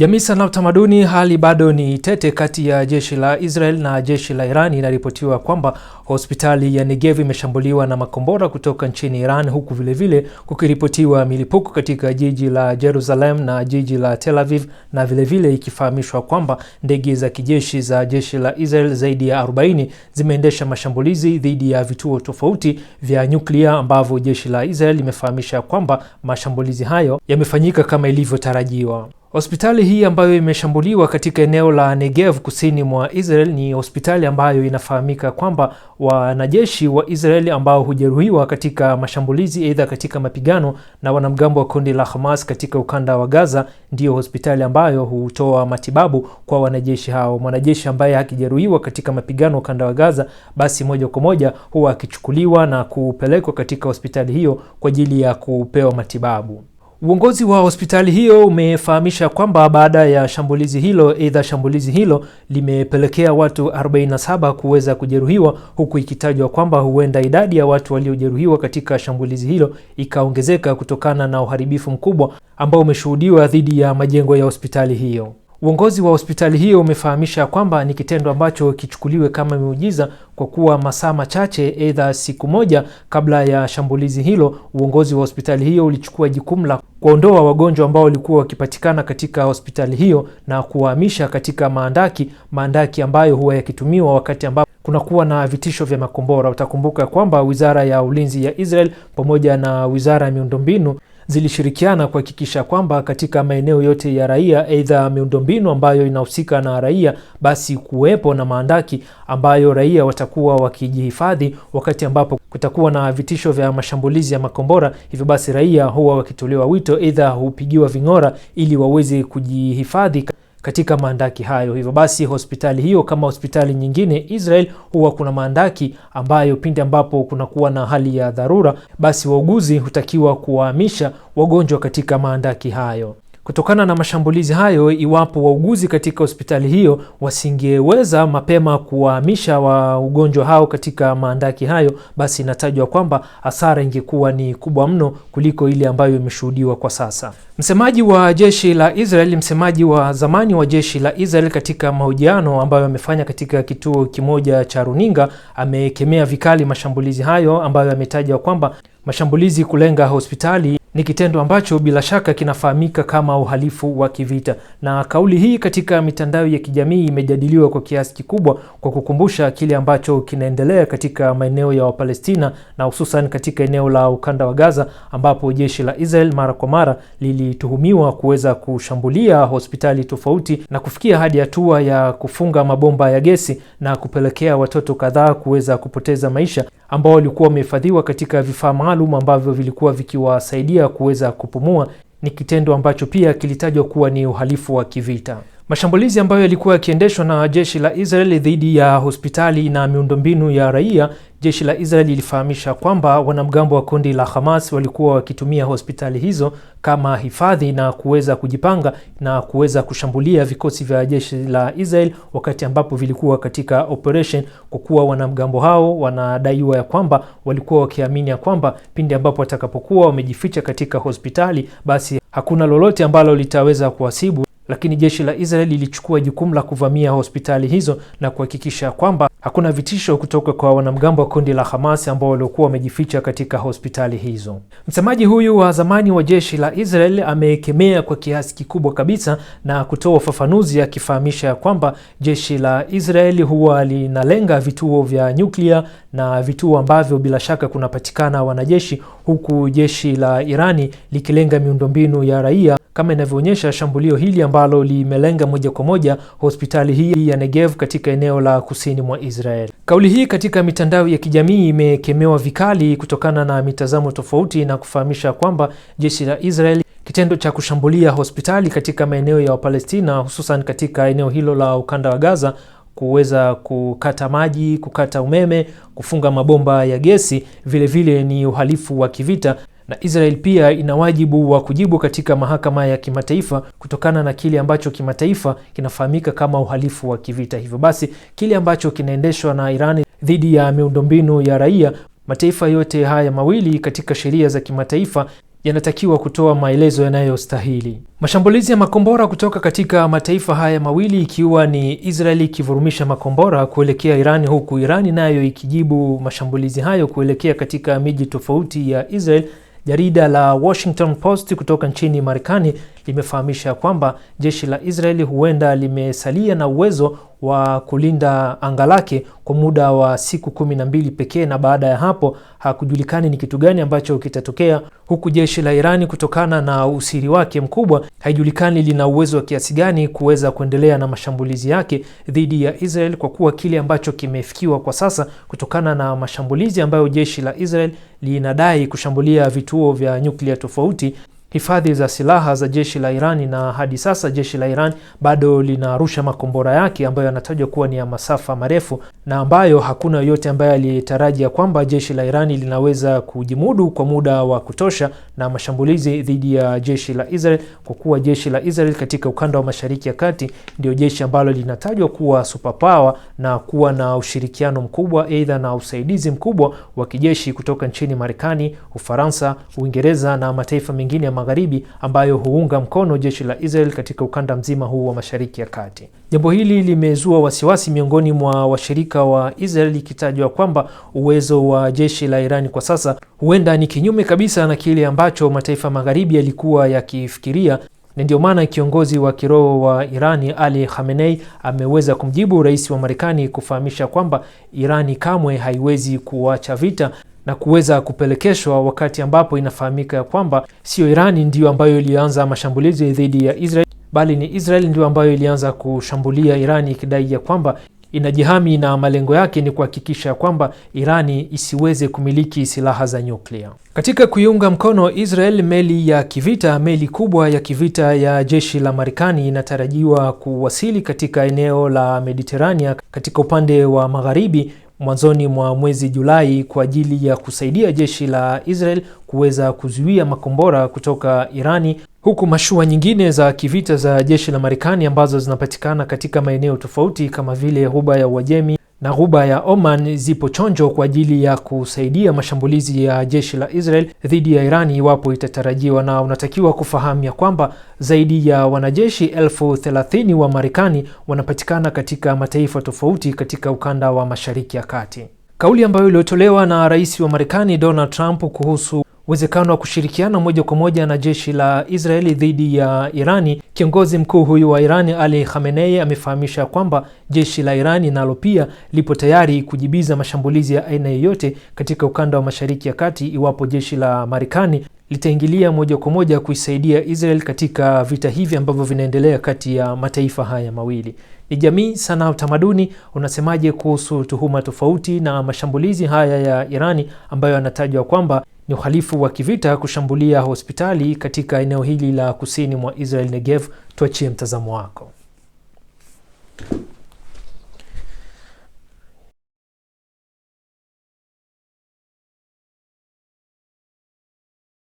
Jamii na utamaduni, hali bado ni tete kati ya jeshi la Israel na jeshi la Iran. Inaripotiwa kwamba hospitali ya Negev imeshambuliwa na makombora kutoka nchini Iran, huku vilevile kukiripotiwa milipuko katika jiji la Jerusalem na jiji la Tel Aviv, na vilevile ikifahamishwa kwamba ndege za kijeshi za jeshi la Israel zaidi ya 40 zimeendesha mashambulizi dhidi ya vituo tofauti vya nyuklia ambavyo jeshi la Israel limefahamisha kwamba mashambulizi hayo yamefanyika kama ilivyotarajiwa. Hospitali hii ambayo imeshambuliwa katika eneo la Negev kusini mwa Israel ni hospitali ambayo inafahamika kwamba wanajeshi wa Israeli ambao hujeruhiwa katika mashambulizi aidha katika mapigano na wanamgambo wa kundi la Hamas katika ukanda wa Gaza ndiyo hospitali ambayo hutoa matibabu kwa wanajeshi hao. Mwanajeshi ambaye akijeruhiwa katika mapigano ukanda wa Gaza, basi moja kwa moja huwa akichukuliwa na kupelekwa katika hospitali hiyo kwa ajili ya kupewa matibabu. Uongozi wa hospitali hiyo umefahamisha kwamba baada ya shambulizi hilo, aidha shambulizi hilo limepelekea watu 47 kuweza kujeruhiwa, huku ikitajwa kwamba huenda idadi ya watu waliojeruhiwa katika shambulizi hilo ikaongezeka kutokana na uharibifu mkubwa ambao umeshuhudiwa dhidi ya majengo ya hospitali hiyo. Uongozi wa hospitali hiyo umefahamisha kwamba ni kitendo ambacho kichukuliwe kama miujiza kwa kuwa masaa machache aidha siku moja kabla ya shambulizi hilo, uongozi wa hospitali hiyo ulichukua jukumu la kuondoa wagonjwa ambao walikuwa wakipatikana katika hospitali hiyo na kuwahamisha katika maandaki, maandaki ambayo huwa yakitumiwa wakati ambapo kunakuwa na vitisho vya makombora. Utakumbuka kwamba Wizara ya Ulinzi ya Israel pamoja na Wizara ya Miundombinu zilishirikiana kuhakikisha kwamba katika maeneo yote ya raia, aidha miundombinu ambayo inahusika na raia, basi kuwepo na maandaki ambayo raia watakuwa wakijihifadhi wakati ambapo kutakuwa na vitisho vya mashambulizi ya makombora. Hivyo basi raia huwa wakitolewa wito, aidha hupigiwa ving'ora ili waweze kujihifadhi katika maandaki hayo. Hivyo basi hospitali hiyo kama hospitali nyingine Israel, huwa kuna maandaki ambayo pindi ambapo kunakuwa na hali ya dharura, basi wauguzi hutakiwa kuwahamisha wagonjwa katika maandaki hayo. Kutokana na mashambulizi hayo, iwapo wauguzi katika hospitali hiyo wasingeweza mapema kuwahamisha wagonjwa hao katika maandaki hayo, basi inatajwa kwamba hasara ingekuwa ni kubwa mno kuliko ile ambayo imeshuhudiwa kwa sasa. Msemaji wa jeshi la Israel, msemaji wa zamani wa jeshi la Israel, katika mahojiano ambayo amefanya katika kituo kimoja cha runinga, amekemea vikali mashambulizi hayo ambayo ametaja kwamba mashambulizi kulenga hospitali ni kitendo ambacho bila shaka kinafahamika kama uhalifu wa kivita, na kauli hii katika mitandao ya kijamii imejadiliwa kwa kiasi kikubwa kwa kukumbusha kile ambacho kinaendelea katika maeneo ya Wapalestina na hususan katika eneo la ukanda wa Gaza ambapo jeshi la Israel mara kwa mara lilituhumiwa kuweza kushambulia hospitali tofauti na kufikia hadi hatua ya kufunga mabomba ya gesi na kupelekea watoto kadhaa kuweza kupoteza maisha ambao walikuwa wamehifadhiwa katika vifaa maalum ambavyo vilikuwa vikiwasaidia kuweza kupumua. Ni kitendo ambacho pia kilitajwa kuwa ni uhalifu wa kivita. Mashambulizi ambayo yalikuwa yakiendeshwa na jeshi la Israel dhidi ya hospitali na miundombinu ya raia, jeshi la Israel lilifahamisha kwamba wanamgambo wa kundi la Hamas walikuwa wakitumia hospitali hizo kama hifadhi na kuweza kujipanga na kuweza kushambulia vikosi vya jeshi la Israel wakati ambapo vilikuwa katika operation, kwa kuwa wanamgambo hao wanadaiwa ya kwamba walikuwa wakiamini ya kwamba pindi ambapo watakapokuwa wamejificha katika hospitali, basi hakuna lolote ambalo litaweza kuwasibu lakini jeshi la Israel lilichukua jukumu la kuvamia hospitali hizo na kuhakikisha kwamba hakuna vitisho kutoka kwa wanamgambo wa kundi la Hamas ambao waliokuwa wamejificha katika hospitali hizo. Msemaji huyu wa zamani wa jeshi la Israel amekemea kwa kiasi kikubwa kabisa na kutoa ufafanuzi akifahamisha kwamba jeshi la Israeli huwa linalenga vituo vya nyuklia na vituo ambavyo bila shaka kunapatikana wanajeshi huku jeshi la Irani likilenga miundombinu ya raia kama inavyoonyesha shambulio hili ambalo limelenga moja kwa moja hospitali hii ya Negev katika eneo la kusini mwa Israel. Kauli hii katika mitandao ya kijamii imekemewa vikali kutokana na mitazamo tofauti na kufahamisha kwamba jeshi la Israel kitendo cha kushambulia hospitali katika maeneo ya Wapalestina hususan katika eneo hilo la ukanda wa Gaza kuweza kukata maji, kukata umeme, kufunga mabomba ya gesi, vilevile vile ni uhalifu wa kivita na Israel pia ina wajibu wa kujibu katika mahakama ya kimataifa kutokana na kile ambacho kimataifa kinafahamika kama uhalifu wa kivita. Hivyo basi, kile ambacho kinaendeshwa na Irani dhidi ya miundombinu ya raia, mataifa yote haya mawili katika sheria za kimataifa yanatakiwa kutoa maelezo yanayostahili. Mashambulizi ya makombora kutoka katika mataifa haya mawili ikiwa ni Israeli ikivurumisha makombora kuelekea Irani, huku Irani nayo ikijibu mashambulizi hayo kuelekea katika miji tofauti ya Israel. Jarida la Washington Post kutoka nchini Marekani limefahamisha kwamba jeshi la Israeli huenda limesalia na uwezo wa kulinda anga lake kwa muda wa siku kumi na mbili pekee, na baada ya hapo hakujulikani ni kitu gani ambacho kitatokea, huku jeshi la Irani kutokana na usiri wake mkubwa, haijulikani lina uwezo wa kiasi gani kuweza kuendelea na mashambulizi yake dhidi ya Israel, kwa kuwa kile ambacho kimefikiwa kwa sasa kutokana na mashambulizi ambayo jeshi la Israel linadai kushambulia vituo vya nyuklia tofauti hifadhi za silaha za jeshi la Irani na hadi sasa jeshi la Irani bado linarusha makombora yake ambayo yanatajwa kuwa ni ya masafa marefu na ambayo hakuna yoyote ambaye alitarajia kwamba jeshi la Irani linaweza kujimudu kwa muda wa kutosha na mashambulizi dhidi ya jeshi la Israel, kwa kuwa jeshi la Israel katika ukanda wa Mashariki ya Kati ndio jeshi ambalo linatajwa kuwa superpower na kuwa na ushirikiano mkubwa aidha na usaidizi mkubwa wa kijeshi kutoka nchini Marekani, Ufaransa, Uingereza na mataifa mengine Magharibi ambayo huunga mkono jeshi la Israel katika ukanda mzima huu wa Mashariki ya Kati. Jambo hili limezua wasiwasi miongoni mwa washirika wa Israel, ikitajwa kwamba uwezo wa jeshi la Irani kwa sasa huenda ni kinyume kabisa na kile ambacho mataifa magharibi yalikuwa yakifikiria na ndio maana kiongozi wa kiroho wa Irani Ali Khamenei ameweza kumjibu rais wa Marekani kufahamisha kwamba Irani kamwe haiwezi kuacha vita na kuweza kupelekeshwa wakati ambapo inafahamika ya kwamba siyo Irani ndiyo ambayo ilianza mashambulizi dhidi ya Israel bali ni Israel ndiyo ambayo ilianza kushambulia Irani ikidai ya kwamba inajihami na malengo yake ni kuhakikisha kwamba Irani isiweze kumiliki silaha za nyuklia. Katika kuiunga mkono Israel, meli ya kivita, meli kubwa ya kivita ya jeshi la Marekani inatarajiwa kuwasili katika eneo la Mediterania katika upande wa magharibi mwanzoni mwa mwezi Julai kwa ajili ya kusaidia jeshi la Israel kuweza kuzuia makombora kutoka Irani, huku mashua nyingine za kivita za jeshi la Marekani ambazo zinapatikana katika maeneo tofauti kama vile Ghuba ya Uajemi na ghuba ya Oman zipo chonjo kwa ajili ya kusaidia mashambulizi ya jeshi la Israel dhidi ya Irani iwapo itatarajiwa, na unatakiwa kufahamu ya kwamba zaidi ya wanajeshi elfu thelathini wa Marekani wanapatikana katika mataifa tofauti katika ukanda wa Mashariki ya Kati. Kauli ambayo iliyotolewa na rais wa Marekani Donald Trump kuhusu uwezekano wa kushirikiana moja kwa moja na jeshi la Israeli dhidi ya Irani. Kiongozi mkuu huyu wa Irani Ali Khamenei amefahamisha kwamba jeshi la Irani nalo pia lipo tayari kujibiza mashambulizi ya aina yoyote katika ukanda wa Mashariki ya Kati iwapo jeshi la Marekani litaingilia moja kwa moja kuisaidia Israel katika vita hivi ambavyo vinaendelea kati ya mataifa haya mawili. Ni jamii sana, utamaduni unasemaje kuhusu tuhuma tofauti na mashambulizi haya ya Irani ambayo yanatajwa kwamba ni uhalifu wa kivita kushambulia hospitali katika eneo hili la kusini mwa Israel Negev? Tuachie mtazamo wako.